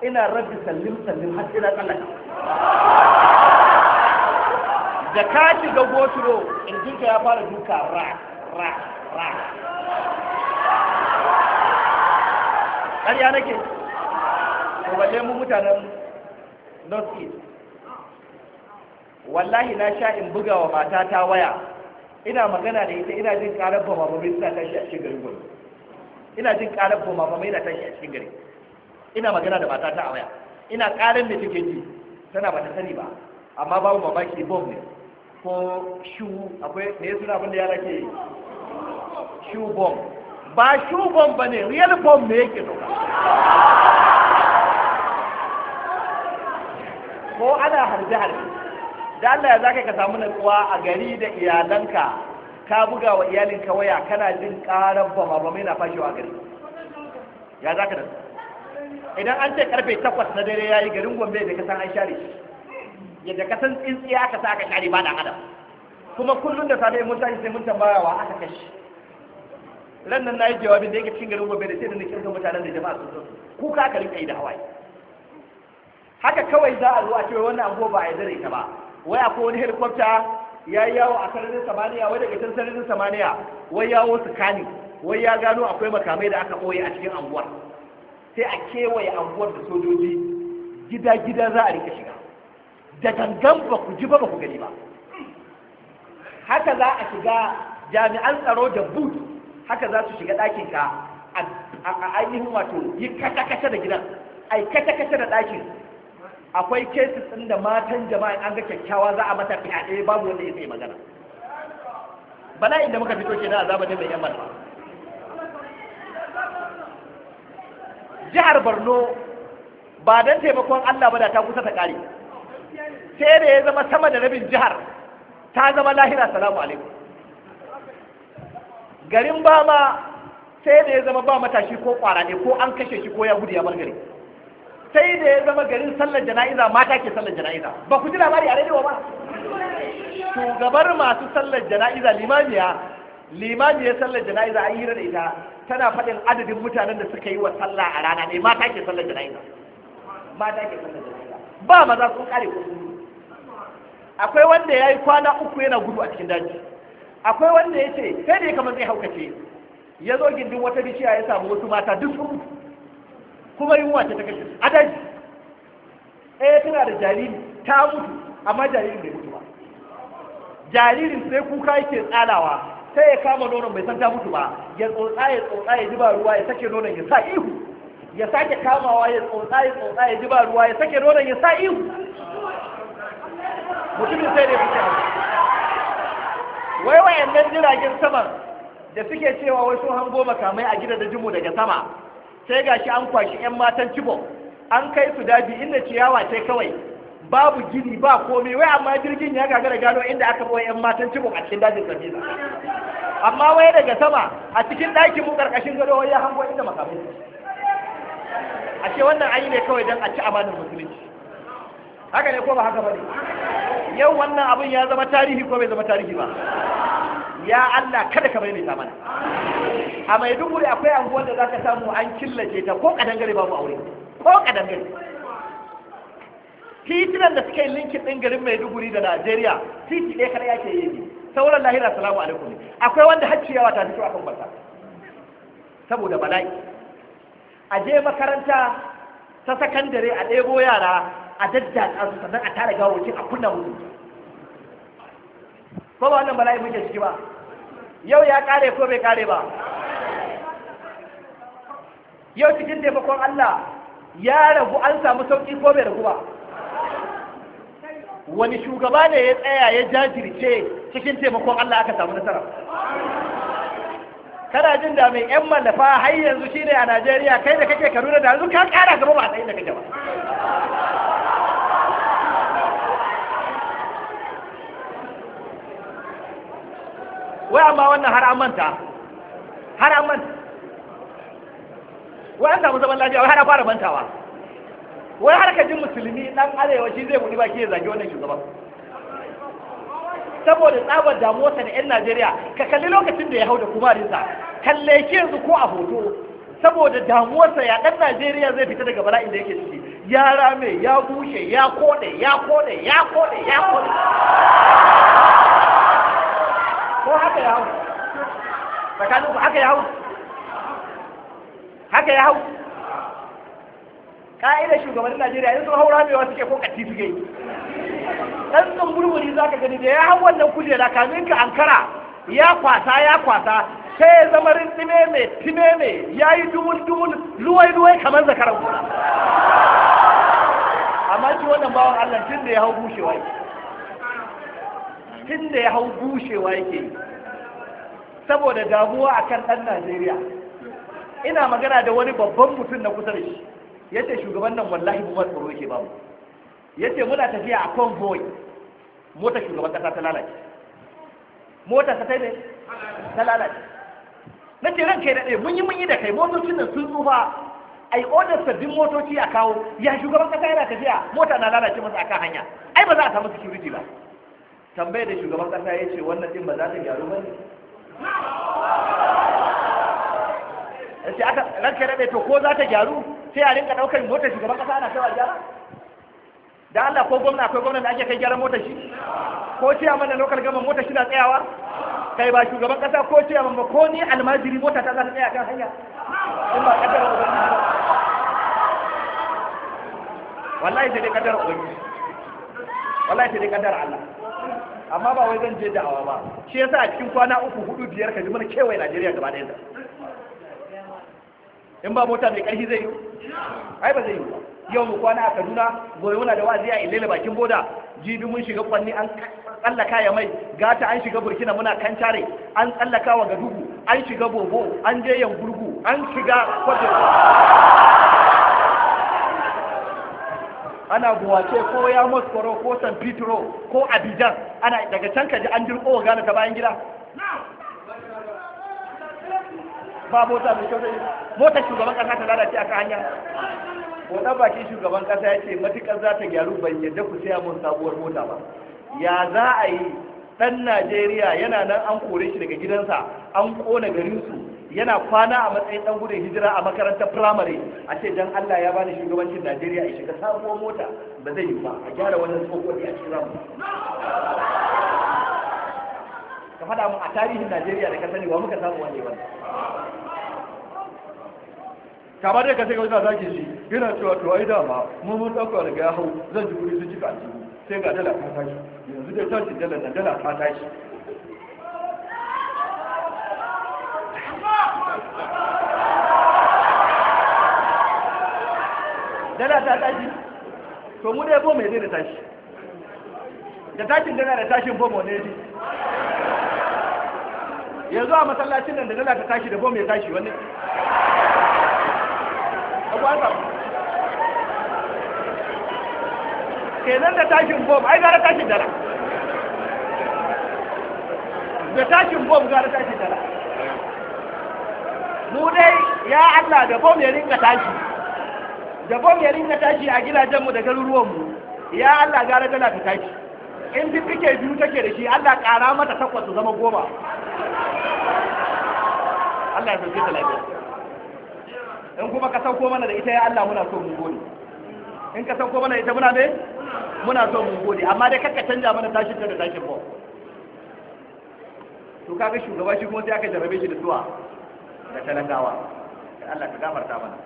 ina rabbi sallim sallim har na tsallaka da ka shiga in jinka ya fara duka ra ra ra ƙarya nake ko balle mu mutanen north east wallahi na sha in buga wa matata waya ina magana da ita ina jin karar bama mai suna tashi a cikin gari gudu ina jin karar bama mai na tashi a cikin gari ina magana da matata a waya ina karin da take ji tana ta sani ba amma babu mamaki bom ne ko shu akwai me suna abin da yara ke shu bom ba shu bom ba ne real bom ne yake doka ko ana harbe harbe da Allah ya zaka ka samu natsuwa a gari da iyalanka ka buga wa iyalinka waya kana jin karar mai na fashi wa gari ya zaka da idan an ce karfe 8 na dare yayi garin Gombe da ka san an share shi yadda ka san tsintsiya ka sa aka share ba da adam kuma kullun da safe mun tashi sai mun tambaya wa aka kashi ran nan nayi jawabin da yake cikin garin Gombe da sai da nikin mutanen da jama'a sun zo kuka ka rinka yi da hawaye haka kawai za a zo a ce wannan abuwa ba a dare da ba wai akwai wani helikwafta ya yi yawo a sararin samaniya wai daga can sararin samaniya wai yawo su kani wai ya gano akwai makamai da aka ɓoye a cikin anguwar sai a kewaye anguwar da sojoji gida-gida za a rika shiga da gangan ba ku ji ba ba ku gani ba haka za a shiga jami'an tsaro da boot haka za su shiga ɗakinka a ainihin wato yi kata-kata da gidan ai kata-kata da ɗakin akwai cases ɗin da matan jama'a an ga kyakkyawa za a mata fyaɗe babu wanda ya sai magana bala'in inda muka fito ke na azaba ne mai yamma jihar borno ba don taimakon allah ba da ta kusa ta ƙare sai da ya zama sama da rabin jihar ta zama lahira salamu alaikum garin bama sai da ya zama ba matashi ko ƙwararre ko an kashe shi ko ya gudu ya bar gari sai da ya zama garin sallar jana'iza mata ke sallar jana'iza ba ku ji labari a rediyo ba shugabar masu sallar jana'iza limamiya limamiya sallar jana'iza an hira da ita tana faɗin adadin mutanen da suka yi wa sallah a rana ne mata ke sallar jana'iza mata ke sallar jana'iza ba maza sun kare ku akwai wanda ya yi kwana uku yana gudu a cikin daji akwai wanda ya ce sai da ya kamar zai haukace ya zo gindin wata bishiya ya samu wasu mata duk sun mutu kuma yunwa ce ta kashe a daji eh tana da jariri ta mutu amma jaririn bai mutu ba jaririn sai kuka yake tsalawa sai ya kama nonon bai san ta mutu ba ya tsotsa ya tsotsa ya ji ba ruwa ya sake nonon ya sa ihu ya sake kamawa ya tsotsa ya tsotsa ya ji ba ruwa ya sake nonon ya sa ihu mutumin sai da fita wai wayannan jiragen saman da suke cewa wasu sun hango makamai a gida da jimu daga sama sai ga shi an kwashi 'yan matan cibo an kai su daji inda ciyawa ce kawai babu gini ba komai wai amma jirgin ya gaga da gano inda aka bawa 'yan matan cibo a cikin dajin sabila amma wai daga sama a cikin ɗakin mu ƙarƙashin gado wai ya hango inda makamai a wannan ayi ne kawai don a ci amanar musulunci haka ne ko ba haka bane yau wannan abin ya zama tarihi ko bai zama tarihi ba ya Allah kada ka maimaita mana a Maiduguri akwai anguwar da ka samu an killace ta ko kadangare babu aure ko kadangare titunan da suke linkin din garin Maiduguri da Najeriya titi ɗaya kada yake yi sauran lahira salamu alaikum akwai wanda yawa ta fito akan bata saboda bala'i a je makaranta ta sakandare a ɗebo yara a daddaka su sannan a tara gawokin a kunna musu ko ba wannan bala'i muke ciki ba yau ya kare ko bai kare ba yau cikin taimakon Allah ya ragu an samu sauƙi ko bai ragu ba wani shugaba ne ya tsaya ya jajirce cikin taimakon Allah aka samu nasara kana jin da mai yan mallafa har yanzu shine a Najeriya kai da kake karu da yanzu ka kara gaba ba a tsayin da kake ba wai amma wannan har an manta har an manta wai an samu zaman lafiya wai har an fara mantawa wai har ka jin musulmi dan arewa shi zai buɗi baki ya zage wannan shugaban saboda tsabar damuwarsa da 'yan Najeriya ka kalli lokacin da ya hau da kumarinsa kalle ke yanzu ko a hoto saboda damuwarsa ya ɗan Najeriya zai fita daga bala'in da yake ciki ya rame ya bushe ya kone ya kone ya kone ya kone ko haka ya hau tsakanin ku haka ya hau haka ya hau ka'idar shugabannin najeriya yanzu hau ramewa suke ko katti suke yi ɗan zan burburi za ka gani da ya hau wannan kujera kamin ka ankara ya kwasa ya kwasa sai ya zama rintime mai time mai ya yi dumul dumul luwai luwai kamar zakarar gona amma shi wannan bawan allah tun da ya hau bushewa yake tun da ya hau bushewa yake yi saboda damuwa a kan ɗan najeriya ina magana da wani babban mutum na kusa da shi ce shugaban nan wallahi mu ban tsoro yake babu ya ce muna tafiya a convoy mota shugaban ƙasa ta lalace mota ta tai ne ta lalace Na ce ran kai dade mun yi mun yi da kai motocin nan sun tsufa ai order sabbin motoci a kawo ya shugaban kasa yana tafiya mota na lalace masa akan hanya ai ba za a samu security ba tambaye da shugaban kasa ya ce wannan din ba za ta gyaru ba ne sai aka ranke rabe to ko za ta gyaru sai a rinka daukar motar shugaban kasa ana kawai gyara da Allah ko gwamna akwai gwamna da ake kai gyaran motar shi ko ce amma da lokal gama motar shi na tsayawa kai ba shugaban kasa ko ce amma ko ni almajiri mota ta za ta tsaya kan hanya in ba kadar ubangiji ba wallahi sai dai kadar ubangiji wallahi sai dai kadar Allah amma ba wai zan je da'awa ba shi yasa a cikin kwana uku hudu biyar ka ji mana kewaye Najeriya gaba ɗaya in ba mota mai ƙarfi zai yi ai ba zai yi ba yau mu kwana a Kaduna gobe muna da wazi a Ilele bakin boda jibi mun shiga kwanni an tsallaka ya mai gata an shiga Burkina muna kan tare an tsallaka wa Gadugu an shiga Bobo an je burgu an shiga Kwadogo ana buwace ko ya moskoro ko san pitro ko abidjan ana daga can kaji an jirko gane ta bayan gida ba mota mai kyau motar shugaban kasa ta lalace a hanya mota baki shugaban kasa ya ce matukar za ta gyaru ban yadda ku sai mun sabuwar mota ba ya za a yi dan najeriya yana nan an kore shi daga gidansa an kona garinsu yana kwana a matsayin dan gudun hijira a makarantar firamare a ce dan Allah ya bani shugabancin Najeriya ya shiga sabuwar mota ba zai yi ba a gyara wannan tsokoki a cikin ramu ka faɗa mu a tarihin Najeriya da ka sani wa muka samu wani wani kamar da ka sai kawai zaki shi yana cewa to ai dama mu mun dauka daga ya hau zan ji kuri sun ci kaji sai ga dala ta tashi yanzu da tashi dala na dala ta tashi dala ta tashi to mu dai boma ne da tashi da tashin dala da tashin boma ne ji? yanzu a masallacin nan da dala ta tashi da boma ya tashi wani abu an samu kenan da tashin bom ai gara tashin dala da tashin bom gara tashin dala mu dai ya Allah da bom ya rinka tashi da bom ya rinka tashi a gidajenmu da garuruwanmu ya Allah gara da ta tashi in kike biyu take da shi Allah ƙara mata takwas su zama goma Allah ya sauke ta lafiya in kuma ka sauko mana da ita ya Allah muna so mu gode in ka sauko mana da ita muna me muna so mu gode amma dai kakka canja mana tashi da tashin ba to kaga shugaba shi kuma sai aka jarabe shi da zuwa ga talakawa Allah ka gafarta mana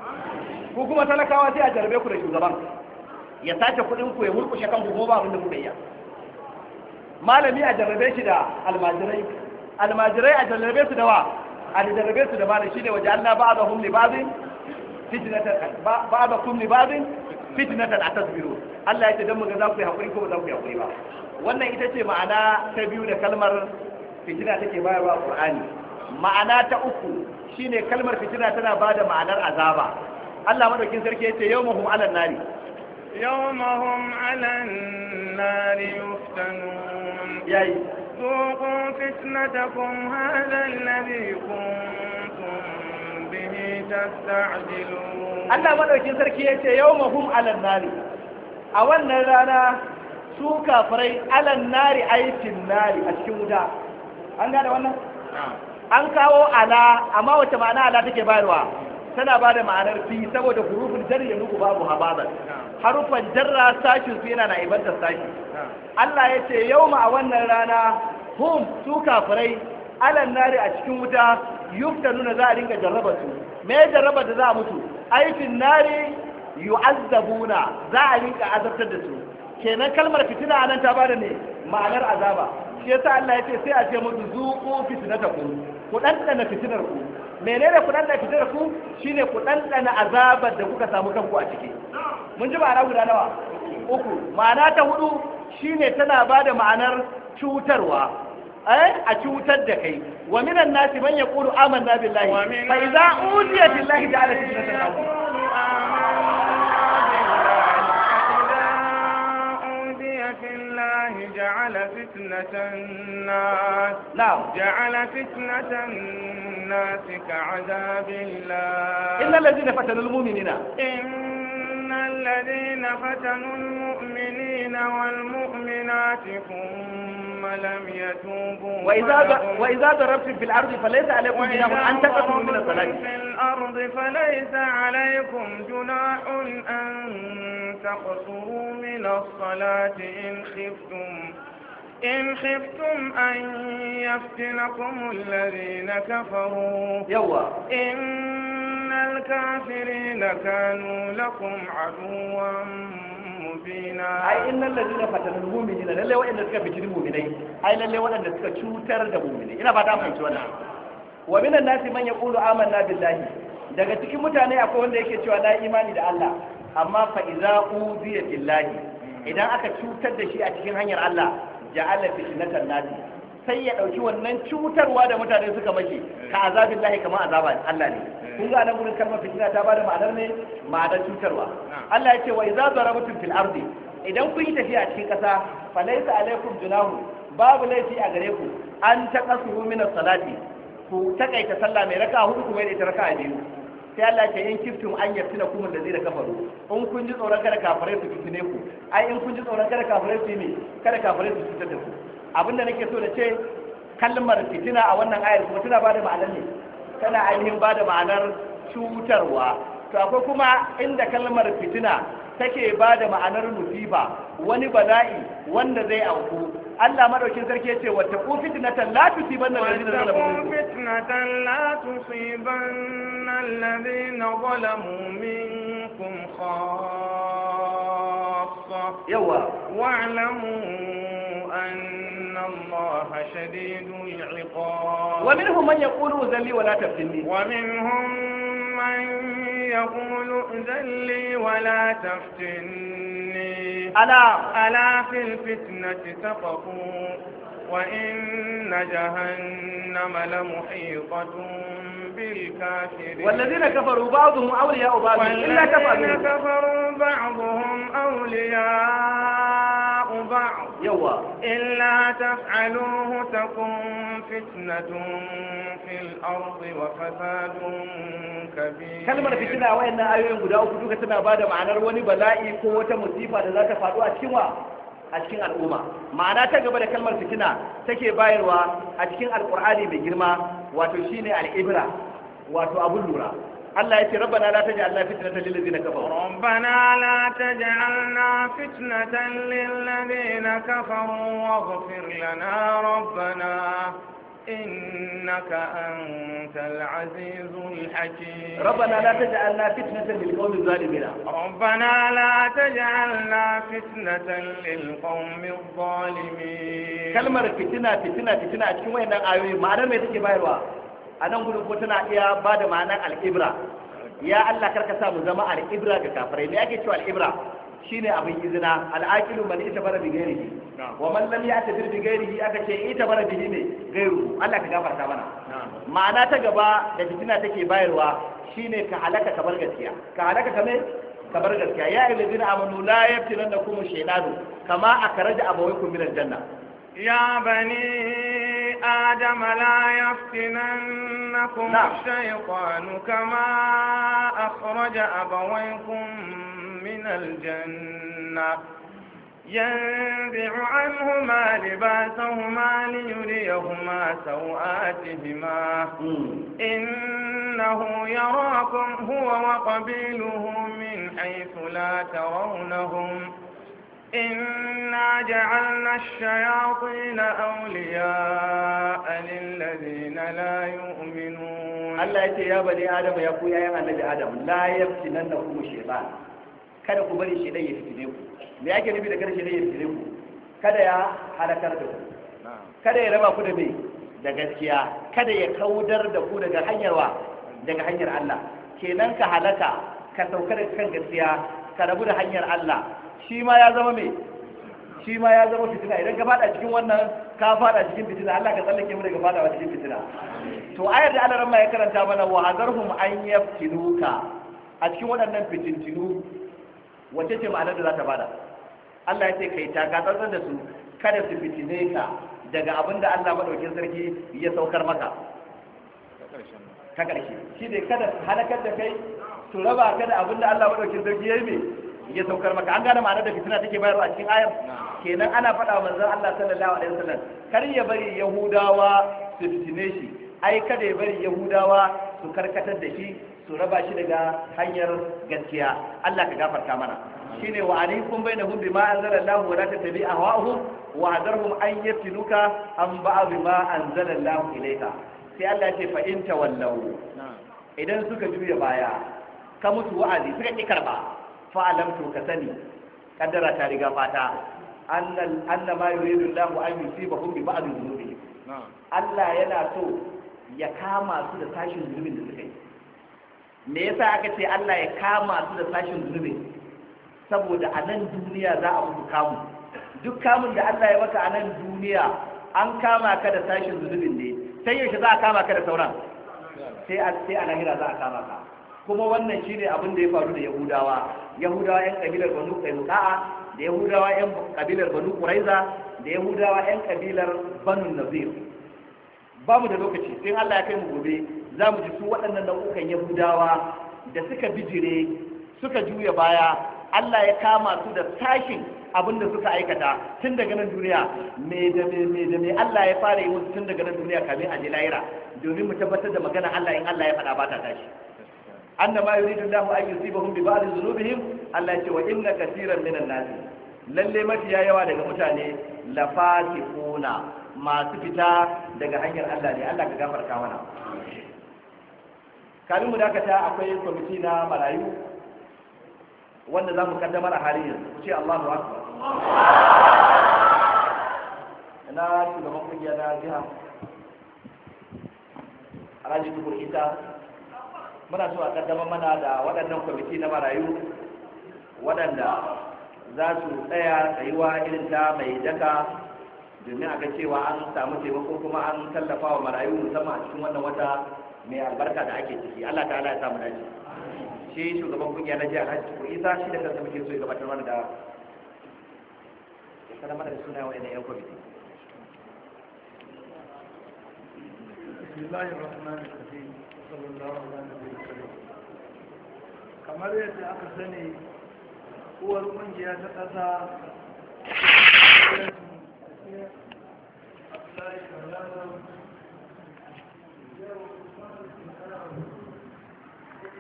ku kuma talakawa sai a jarabe ku da shugaban ya sace kuɗin ku ya murkushe kan ku ba abin da kuka iya malami a jarabe shi da almajirai almajirai a jarabe su da wa a jarabe su da shi ne waje Allah ba'dahum li da humni ba'dakum li ba'dhin a atasbiru Allah ya ce don muga za ku yi haƙuri ko za ku yi haƙuri ba wannan ita ce ma'ana ta biyu da kalmar fitina take bayarwa Qur'ani ma'ana ta uku shine kalmar fitina tana bada ma'anar azaba Allah madaukin sarki yace yawmahum 'alan nari yawmahum 'alan nari yuftanun yayi ذوقوا فتنتكم هذا الذي كنتم به تستعجلون الله madaukin sarki yace yawmahum 'alan nari a wannan rana su kafirai 'alan nari aikin nari a cikin wuta an gane wannan an kawo ala amma wace ma'ana ala take bayarwa tana ba da ma'anar fi saboda hurufin jar ya nuku babu habazan harufan jarra sashin su yana na ibantar sashi Allah ya ce yau ma a wannan rana hum su kafirai alan nari a cikin wuta yufta nuna za a dinga jarraba su me jarraba da za a mutu Aifin nari yu'azzabuna za a rinka azabtar da su kenan kalmar fitina anan ta bada ne ma'anar azaba shi yasa Allah ya ce sai a ce mutu zuqu fitnatakum ku ɗanɗana fitinar ku menene ku ɗanɗana fitinar ku shine ku ɗanɗana azabar da kuka samu kanku a ciki mun ji ma'ana guda nawa uku ma'ana ta hudu shine tana ba da ma'anar cutarwa eh, a cutar da kai wa minan nasi man yaqulu amanna billahi fa iza udiya billahi ta'ala fitnatan الله جعل فتنة الناس نعم جعل فتنة الناس كعذاب الله إن الذين فتنوا المؤمنين إن الذين فتنوا المؤمنين والمؤمنات ثم لم يتوبوا وإذا وإذا ضربتم في الأرض فليس عليكم جناح أن تقتلوا من الصلاة في الأرض فليس عليكم جناح أن تقصروا من الصلاة إن خفتم إن خفتم أن يفتنكم الذين كفروا يوا إن الكافرين كانوا لكم عدوا mubina ai innal ladina fatanul mu'minina lalle wa'anda suka fitini mu'minai ai lalle wa'anda suka cutar da mu'minai ina fata fahimci wannan wa minan ya man yaqulu amanna billahi daga cikin mutane akwai wanda yake cewa na imani da Allah amma fa idza uziya billahi idan aka cutar da shi a cikin hanyar Allah ja'ala fitnatan nasi sai ya dauki wannan cutarwa da mutane suka mashi ka azabillahi kama azaban Allah ne kun ga nan gurin kalmar fitina ta bada ma'anar ne ma'anar cutarwa Allah ya ce wa idza darabtum fil ardi idan kun yi tafiya cikin kasa fa laysa alaikum junahu babu laifi a gare ku an taqasuhu min as-salati ku takaita sallah mai raka hudu kuma ita a biyu sai Allah ya yin kiftum an na kuma da zai da kafaru in kun ji tsoron kada kafirai su fitine ku ai in kun ji tsoron kada kafirai su ne kada kafirai su fitar da ku abinda nake so da ce kalmar fitina a wannan ayar kuma tana bada ma'anar ne tana ainihin bada ma'anar cutarwa to akwai kuma inda kalmar fitina take bada ma'anar musiba wani bala'i wanda zai auku Allah madaukin sarki yace wa taqu fitnatan la tusibanna alladhina zalamu fitnatan la tusibanna alladhina zalamu minkum khassa yawa wa'lamu anna Allah shadidul iqab wa minhum man yaqulu zalli wa la tabtinni wa minhum من يقول ائذن لي ولا تفتني ألا ألا في الفتنة سقطوا وإن جهنم لمحيطة بالكافرين والذين كفروا بعضهم أولياء بعض إلا كفروا والذين كفروا بعضهم أولياء بعض يوا إلا تفعلوه تكن فتنة في الأرض وفساد كبير كلمة فتنة وإن آيوين قد أوكدوك سنة بعد معنى رواني بلائي قوة مصيفة لذلك فاتوا أشيوا a cikin al'umma ma'ana ta gaba da kalmar fitina take bayarwa a cikin alkur'ani mai girma wato shine al'ibra wato abun lura Allah ya ce rabbana la taj'alna fitnatan lil ladina kafaru rabbana la taj'alna fitnatan lil ladina kafaru waghfir lana rabbana إنك أنت العزيز الحكيم ربنا لا تجعلنا فتنة للقوم الظالمين ربنا لا تجعلنا فتنة للقوم الظالمين كلمة فتنة فتنة فتنة كما أن أيوة ما أنا ميتك بايروا أنا أقول فتنة يا بعد معنى الإبرة يا الله كركسا مزمع الإبرة كافرين لأكي شو الإبرة me shine abin izina al'aqilu man itabara bi ghairihi wa man lam ya'tabir bi ghairihi aka ce ita bara bihi ne gairu Allah ka gafarta mana ma'ana ta gaba da fitina take bayarwa shine ka halaka kamar gaskiya ka halaka kame kamar gaskiya ya ayyuhal ladina amanu la yaftinannakum shaytanu kama akhraja abawaykum min al-janna ya bani آدم لا يفتننكم الشيطان كما أخرج أبويكم من الجنة ينزع عنهما لباسهما ليريهما سوآتهما إنه يراكم هو وقبيله من حيث لا ترونهم إنا جعلنا الشياطين أولياء للذين لا يؤمنون الله يا بني آدم يا أخويا يا النبي آدم لا يفتننكم الشيطان kada ku bari shedan ya fitine ku me yake nufi da kada shedan ya fitine ku kada ya halakar da ku kada ya raba ku da me da gaskiya kada ya kaudar da ku daga hanyar wa daga hanyar Allah kenan ka halaka ka sauka daga kan gaskiya ka rabu da hanyar Allah shi ma ya zama me shi ma ya zama fitina idan ka fada cikin wannan ka fada cikin fitina Allah ka tsallake mu daga fadawa cikin fitina to ayar da Allah ran ya karanta mana wa hadarhum an yaftinuka a cikin waɗannan fitintinu wace ce ma'anar da za ta bada Allah ya ce kai taka tsantsan da su kada su fitine ka daga abin da Allah madaukin sarki ya saukar maka ta ƙarshe shi ne kada su halakar da kai su raba ka da abin da Allah madaukin sarki ya yi mai ya saukar maka an gane ma'anar da fitina take bayarwa a cikin ayar kenan ana faɗa wa manzon Allah sallallahu alaihi wasallam kar ya bari yahudawa su fitine shi ai kada ya bari yahudawa su karkatar da shi su raba shi daga hanyar gaskiya Allah ka gafarta mana shine wa alaikum bainahum bima anzalallahu wa la tattabi ahwa'uhum wa hadarhum an yaftinuka an ba'd ma anzalallahu ilayka sai Allah ce fa in tawallau idan suka juya baya ka mutu wa'azi suka ki karba fa alam tu ka sani kaddara ta riga fata annal annama yuridu Allahu an yusibahum bi ba'd dhunubihim Allah yana so ya kama su da tashin zunubin da suka yi me yasa aka ce Allah ya kama su da sashin zunubi saboda a nan duniya za a mutu kamu duk kamun da Allah ya maka a nan duniya an kama ka da sashin zunubin ne sai yaushe za a kama ka da sauran sai a sai a lahira za a kama ka kuma wannan shine abin da ya faru da Yahudawa Yahudawa ƴan kabilar Banu Qaynuqa da Yahudawa ƴan kabilar Banu Quraiza da Yahudawa ƴan kabilar Banu Nadir ba mu da lokaci sai Allah ya kai mu gobe za mu ji su waɗannan nau'ukan yahudawa da suka bijire suka juya baya Allah ya kama su da tashin abin da suka aikata tun daga nan duniya me da me da me Allah ya fara yi wasu tun daga nan duniya kamin a je lahira domin mu tabbatar da magana Allah in Allah ya faɗa ba ta tashi annama yuridu Allahu an yusibahum bi ba'd dhunubihim Allah ya ce wa inna katiran minan nas lalle mafiya yawa daga mutane lafatikuna masu fita daga hanyar Allah ne Allah ka gafar kawana. kamin mu dakata akwai kwamiti na marayu wanda za mu kaddamar a halin yanzu ku ce Allahu akbar na shugaban kungiya na jiha alhaji tukur ita muna so a kaddamar mana da waɗannan kwamiti na marayu waɗanda za su tsaya tsayuwa irin ta mai daka domin a ga cewa an samu taimako kuma an tallafa wa marayu musamman a cikin wannan wata mai albarka da ake ciki Allah ta'ala ya samu dace shi shugaban kungiya na jihar Hajji ko Isa shi da kansa muke so ya gabatar mana da ya sanar mana da suna wa kwamiti kamar yadda aka sani uwar kungiya ta kasa Thank you.